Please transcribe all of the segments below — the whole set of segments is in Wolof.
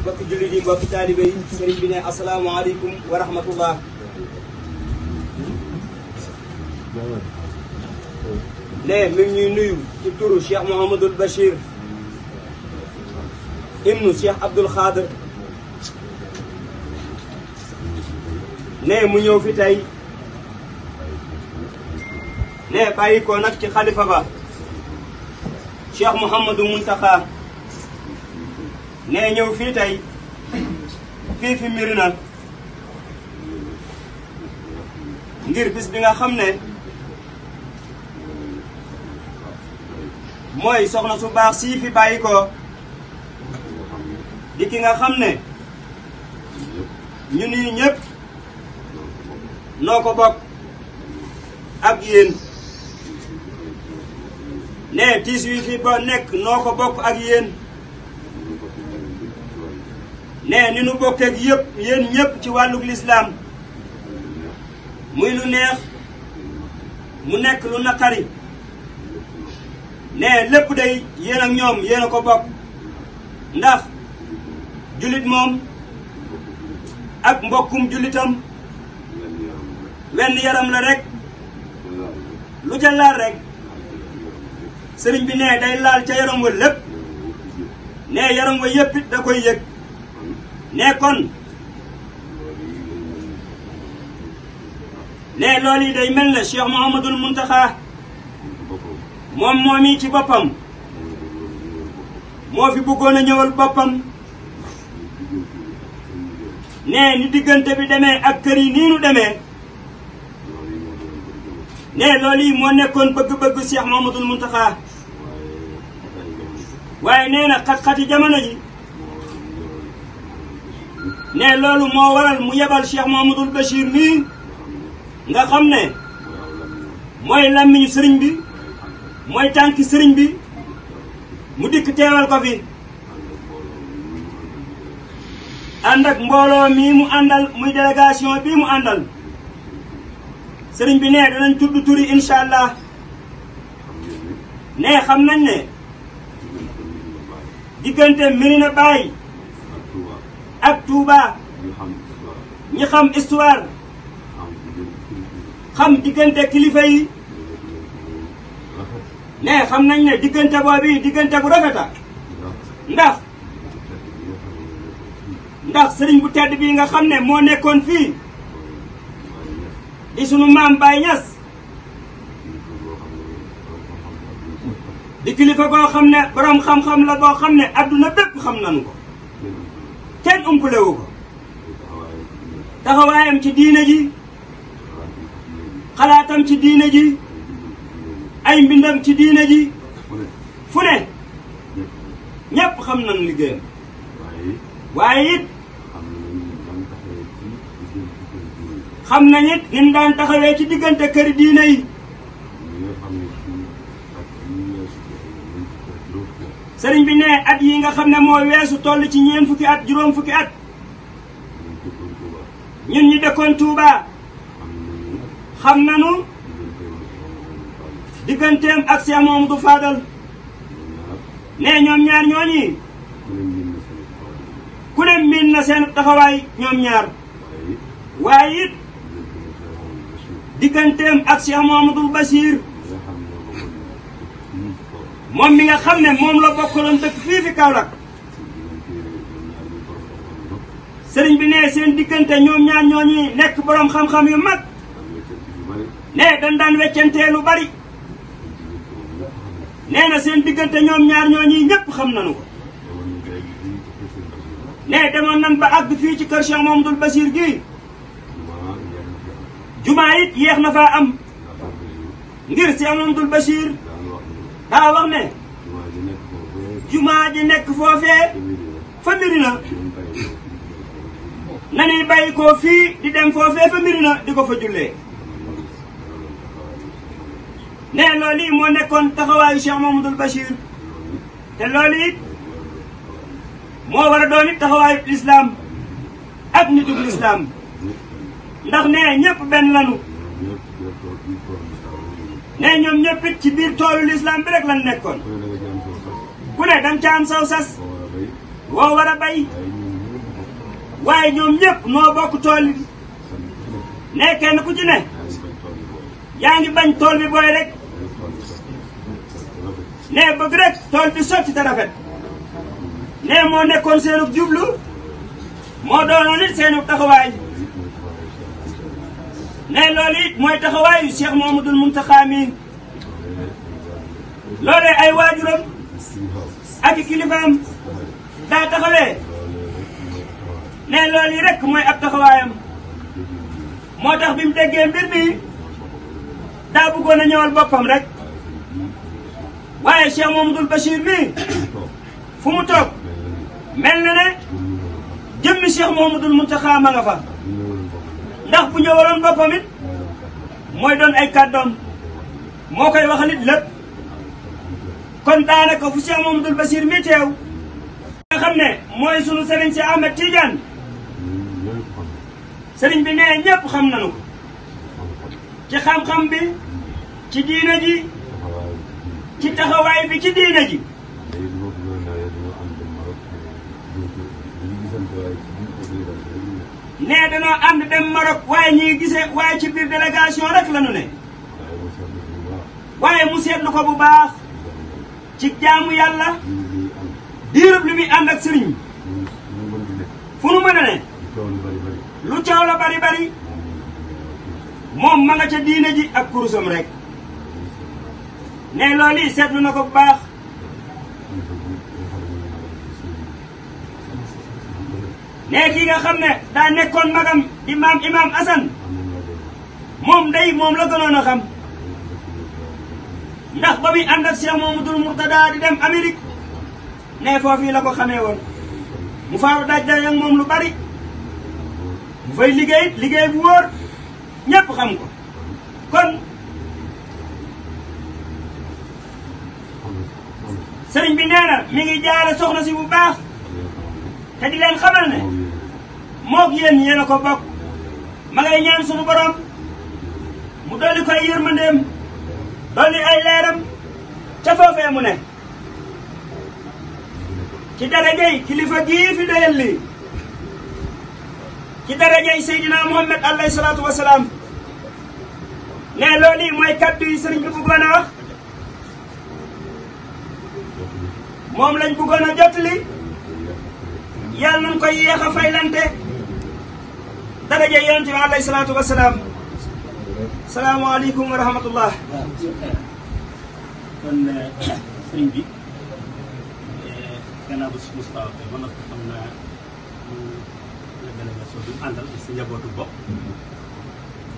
mbokki jullit yi mbokki taalibe yi sëriñ bi ne asalaamaaleykum wa rahmatullah ne ñuy nuyu ci turu Cheikh Mouhamadul Bachir ibnu Cheikh Abdoul Khader ne mu ñëw fi tey ne bàyyi ko nag ci xalifa ba Cheikh Mouhamadou Mountakha nee ñëw fii tey fii fi Médina ngir bis bi nga xam ne mooy soxna su baax sii fi bàyyi ko di ki nga xam ne ñun yi ñëpp noo ko bokk ak yéen ne tiis wi fi ba nekk noo ko bokk ak yéen ne ni nu bokkeek yëpp yéen ñëpp ci wàllug lislaam muy lu neex mu nekk lu naqari ne lépp day yéen ak ñoom yéen a ko bokk ndax jullit moom ak mbokkum jullitam wenn yaram la rek lu jàllaar rek sëriñ bi nee day laal ca yaram wa lépp nee yaram wa yëpp da koy yëg nee kon nee loolu yi day mel ne Cheikh Mouhamadul Muntaxa moom moom yi ci boppam moo fi bëggoon a ñëwal boppam nee ni diggante bi demee ak kër yi nii nu demee nee loolu yi moo nekkoon bëgg-bëgg Cheikh Mouhamadul Muntaxa waaye nee na xat-xati jamono ji ne loolu moo waral mu yebal Cheikh Mouhamadoul Bachir mii nga xam ne mooy làmmiñu sëriñ bi mooy tànki sëriñ bi mu dikk teewal ko fi ànd ak mbooloo mii mu àndal muy délégation bii mu àndal sëriñ bi ne danañ tudd turi incha allah ne xam nañ ne diggante Medina Baye ak Touba ñi xam histoire xam diggante kilifa yi ne xam nañ ne diggante boobu diggante bu rafeta ndax ndax sëriñ bu tedd bii nga xam ne moo nekkoon fii di sunu maam Baye Niass di kilifa koo xam ne borom xam-xam la boo xam ne adduna bépp xam nañu ko kenn umpalewu ko taxawaayam ci diine ji xalaatam ci diine ji ay mbindam ci diine ji fu ne ñépp xam nañu liggéeyam waaye it xam nañ it ni mu daan taxawee ci diggante kër diine yi sëriñ bi ne at yi nga xam ne moo weesu toll ci ñeen fukki at juróom fukki at ñun ñi dëkkoon tuuba xam nañu digganteem ak Cheikh Mamadou Fadal ne ñoom ñaar ñooñi ku ne miin na seen taxawaay ñoom ñaar waaye it digganteem ak Cheikh Mamadou Bachir moom mi nga xam ne moom la bokkaloon dëkk fii fi Kaolack sëriñ bi ne seen diggante ñoom ñaar ñooñu nekk boroom xam-xam yu mag ne dañ daan weccantee lu bari nee na seen diggante ñoom ñaar ñooñu ñëpp xam nañu ko ne demoon nan ba àgg fii ci kër Cheikh Mamadou Bassir gii jumaa it yéex na am ngir Cheikh Mamadou Bassir daa wax ne. jumaa ji nekk foofee. fa mbiri na. nanuy bàyyi ko fii di dem foofee fa mbiri na di ko fa jullee. nee loolu yi moo nekkoon taxawaayu Cheikh Mamadou Bachir te loolu it moo war a doon it taxawaayu lislaam ak nitug lislaam ndax nee ñëpp benn lanu ne ñoom ñëpp ci biir toolu lislaam bi rek lan nekkoon. ku ne da nga ca saw sas. woo war a bay. waaye ñoom ñëpp noo bokk tool ne kenn ku ci ne. yaa ngi bañ tool bi booy rek. ne bëgg rek tool bi sotti te rafet. ne moo nekkoon seenub jublu. moo doonoon it seenub taxawaay. ne loolu it mooy taxawaayu Cheikh Mouhamadoul Mountakha mi loolee ay waajuram ak i kilifaam daa taxawee ne loolu yi rek mooy ab taxawaayam moo tax bi mu déggee mbir mi daa bëggoon a ñëwal boppam rek waaye Cheikh Mouhamadoul Bachir mi fu mu toog mel na ne jëmmi Cheikh Mouhamadoul Mountakha ma nga fa ndax bu ñëwaloon boppam it mooy doon ay kàddoom moo koy waxal it kon daanaka fu Cheikh Mamadou Bachir mi teew nga xam ne mooy sunu sëriñ si Ahmed Tidiane sëriñ bi nee ñëpp xam nañu ko ci xam-xam bi ci diina ji ci taxawaay bi ci diina ji ne danoo ànd dem Maroc waaye ñuy gisee waaye ci biir délégation rek la ñu ne waaye mu seetlu ko bu baax ci jaamu yàlla diirub li muy ànd ak sëriñ fu nu lu coow la bari bari moom ma nga ca diine ji ak kurusam rek ne loolu yi seetlu na ko bu baax ne kii nga xam ne daa nekkoon magam di maam imaam Assane moom day moom la gënoon a xam ndax ba muy ànd ak Cheikh Mamadou Mourtada di dem Amérique ne foofii la ko xamee woon mu faaru daj daj ak moom lu bari mu fay liggéey liggéey bu wóor ñépp xam ko kon sëriñ bi nee na mi ngi jaare soxna si bu baax te di leen xamal ne moog yéen yéen ko bokk ma ngay ñaan suñu borom mu dolli ko ay yërmandeem dolli ay leeram ca foofee mu ne ci darajay kilifa gii fi doyal lii ci darajay Seydina Muhammad alayhi salaatu wa ne loolu mooy kaddu yi sëriñ moom lañ bëggoon a yàlla nañ koy yéex a faylante daraja yonente bi alayhi salaatu wa salaam salaamaaleykum wa kon eh, sëriñ bi eh, gannaaw ba suñu Moustapha man nag xam naa la délégation bi mu àndal si njabootu bopp.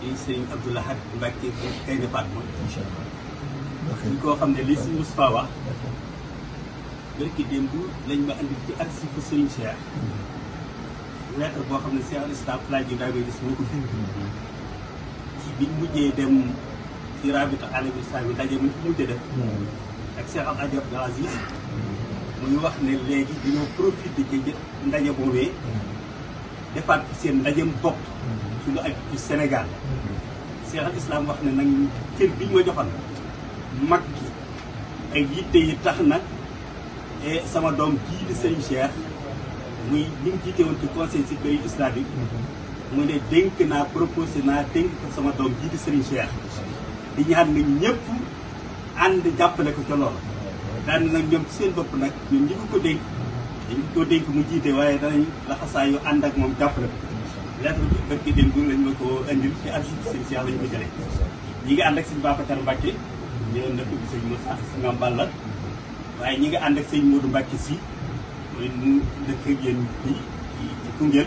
di sëriñ Abdou Lahad bërki démb lañ ma andi ci ak si ko sëriñ Cheikh lettre boo xam ne Cheikh al Islam El Hadj Ibrahima Niass moo ko bind ci biñ mujjee dem ci rabita alamil islami daje mu mujj def ak Cheikh Al Hadj Abdoul muy wax ne léegi dañoo profité ci ndaje boobee defaat seen ndajem bopp suñu ak ci Sénégal Cheikh al Islam wax ne nag cër biñ ma joxoon mag gi ay yitte yi tax na sama doom jii di Serigne muy li mu jiite woon ci conseil supérieur islamique mooy mhm. ne dénk naa proposé naa dénk ko sama doom jii di Serigne Cheikh di ñaan nga ñëpp ànd jàppale ko ca loolu daan nag ñoom ci seen bopp nag ñoom ñi ko dénk dañ ko dénk mu jiite waaye danañ laxasaa ànd ak moom jàppale ko lettre bi bëkki démb lañ ma ko indil ci archive Serigne Cheikh lañu ko jëlee ñi ngi ànd ak Serigne Babacar Mbacke ñëwoon na ko bi Serigne Moussa waaye ñi ngi ànd ak sëñ Modou Mbacke si mooy dëkk ak yéen fii ci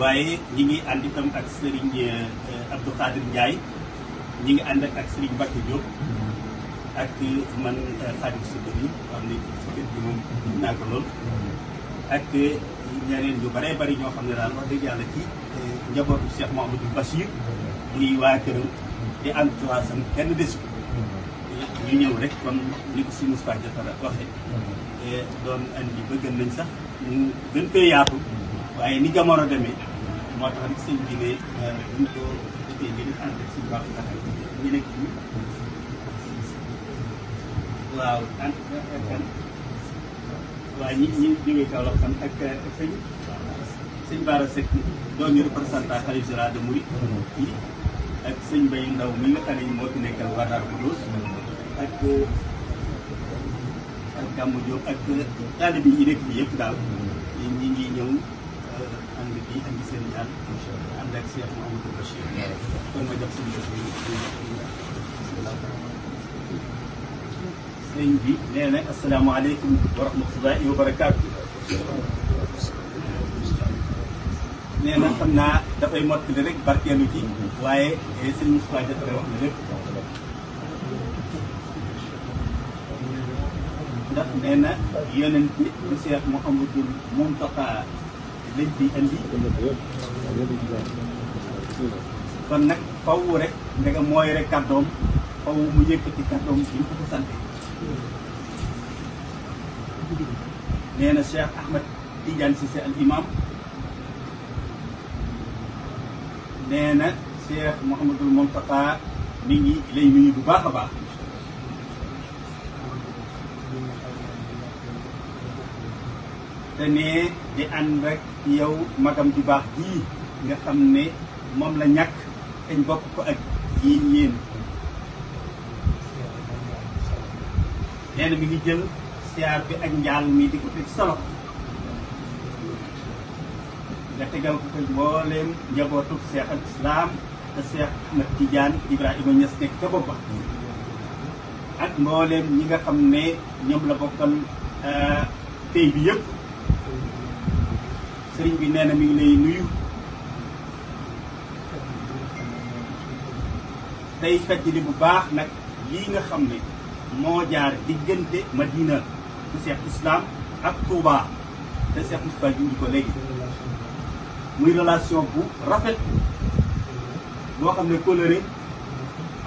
waaye ñi ngi ànd itam ak sëriñ euh, Abdou Khadir Ndiaye ñi ngi ànd ak sëriñ Mbacke Diop ak man euh, Khadim Soudou yi moom naa ko lool ak ñeneen yu bare bari ñoo xam ne daal wax dëgg yàlla ci euh, njabootu Cheikh Mouhamadou Bachir muy waa këram di am coasam kenn desu ñu ñëw rek comme ni ko si Moustapha Diattara waxee mm-hmm. doon andi bëgg nañ sax mu gën fee yaatu mm-hmm. waaye ni jamono demee moo tax rek sëñ bi ne buñ ko nekk ñu waaw ànd kan waaw ñi ñi jógee Kaolack fan ak euh, sëñ sëñ Bara yi représentant xalifa général de mm-hmm. ak sëñ Baye Ndaw mu nga xam ne moo fi nekkal Wadar Koudous ak ak Gàmmu ak taalibe yi nekk fii yëpp daal ñi ngi ñëw euh, ànd bi andi seen ñaan ànd ak ma jox suñu bopp sëñ bi nee na asalaamaaleykum wa rahmatullahi wa barakaatu nee xam naa dafay mottali rek barkeelu ci waaye eh, sëñ Moustapha dafa wax na lépp ndax nee na yonent bi Cheikh Mouhamadul Mountakha lañ fi andi. kon nag faw rek ndegam mooy rek kàddoom faw mu yëkkati kàddoom bi ñu ko ko sant. nee na Cheikh si Tidiane Cissé al imam nee na Cheikh Mouhamadul Mountakha mi ngi lay bu baax a baax. te di ànd ak yow magam ju baax bii nga xam ne moom la ñàkk dañ bokk ko ak yéen yéen nee na mi jël siyaar bi ak njaal mi di ko teg solo nga tegal ko ko mbooleem njabootu seex ak islaam te seex Ahmad Tijaan Ibrahima Ñas nekk ca bopp ak mbooleem ñi nga xam ne ñoom la bokkal tey euh, bi yépp sëriñ bi nee na mi ngi lay bu baax nag lii nga xam ne moo jaar diggante Madina bu Cheikh Islam ak Touba te Cheikh Moustapha junj ko léegi muy relation bu rafet boo xam ne coloré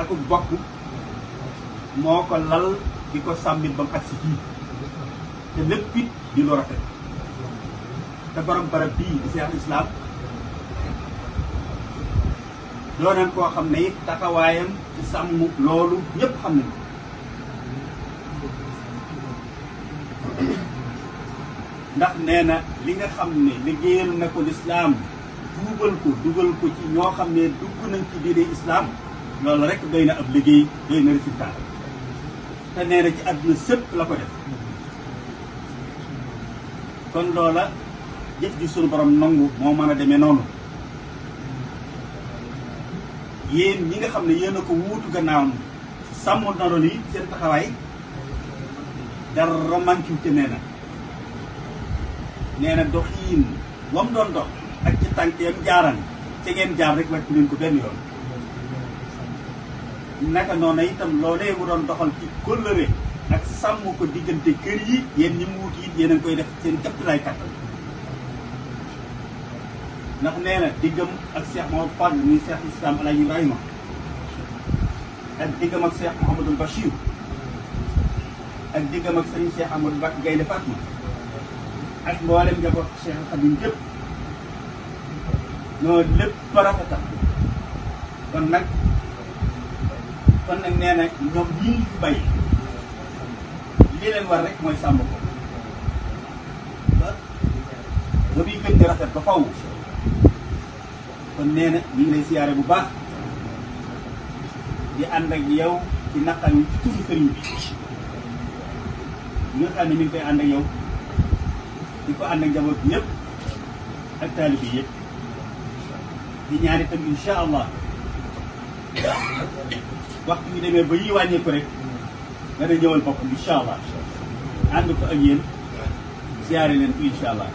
ak bokk moo ko lal di ko sàmmit ba mu agsi fii te lépp di lu rafet te borom barab bii di Cheikh Islam doonoon koo xam ne it taxawaayam ci sàmm loolu ñëpp xam nañu ndax nee na li nga xam ne liggéeyal na ko lislaam dugal ko dugal ko ci ñoo xam ne dugg nañ ci diine islaam loolu rek doy na ab liggéey doy na résultat te nee na ci àdduna sëpp la ko def kon loola jëf ji suñu borom nangu moo mën a demee noonu yéen ñi nga xam ne yéen a ko wuutu gannaawam sàmm na doon yi seen taxawaay dara mankiwute nee na nee na doxiin wam doon dox ak ci tànkeem jaaran ca ngeen jaar rek wàcc leen ko benn yoon naka noona itam loolee mu doon doxal ci kóllëre ak sàmm ko diggante kër yi yéen ñi mu wut yi yéen koy def seen kaptilaay kattan ndax nee na diggam ak Cheikh Mouhamadou Fadl muy Cheikh Islam El Hadj Ibrahima ak diggam ak Cheikh Mouhamadou Bachir ak diggam ak sëriñ Cheikh Amadou Bakk Gaynde Fatma ak mboolem njaboot Cheikh Xadim yëpp noonu lépp rafetal kon nag kon nag nee na ñoom ñi ngi fi bay lii leen war rek mooy sàmm ko ba ba muy gën di rafet ba faw kon nee na ñu ngi lay siyaare bu baax di ànd ak yow ci naqar yi ci turu sëriñ bi ñu xam ne mi ngi koy ànd ak yow di ko ànd ak njaboot bi yëpp ak taalib yi yëpp di ñaari tam insha allah waxtu bi demee ba yi wàññeeku rek dana ñëwal boppam insha allah ànd ko ak yéen siyaare leen ko insha allah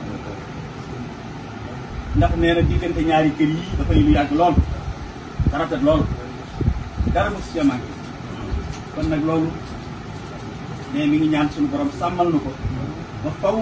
ndax nee na diggante ñaari kër yi dafay lu yàgg lool dara rafet lool dara mos cee manqué kon nag loolu mais mi ngi ñaan suñu borom sàmmal na ko ba faw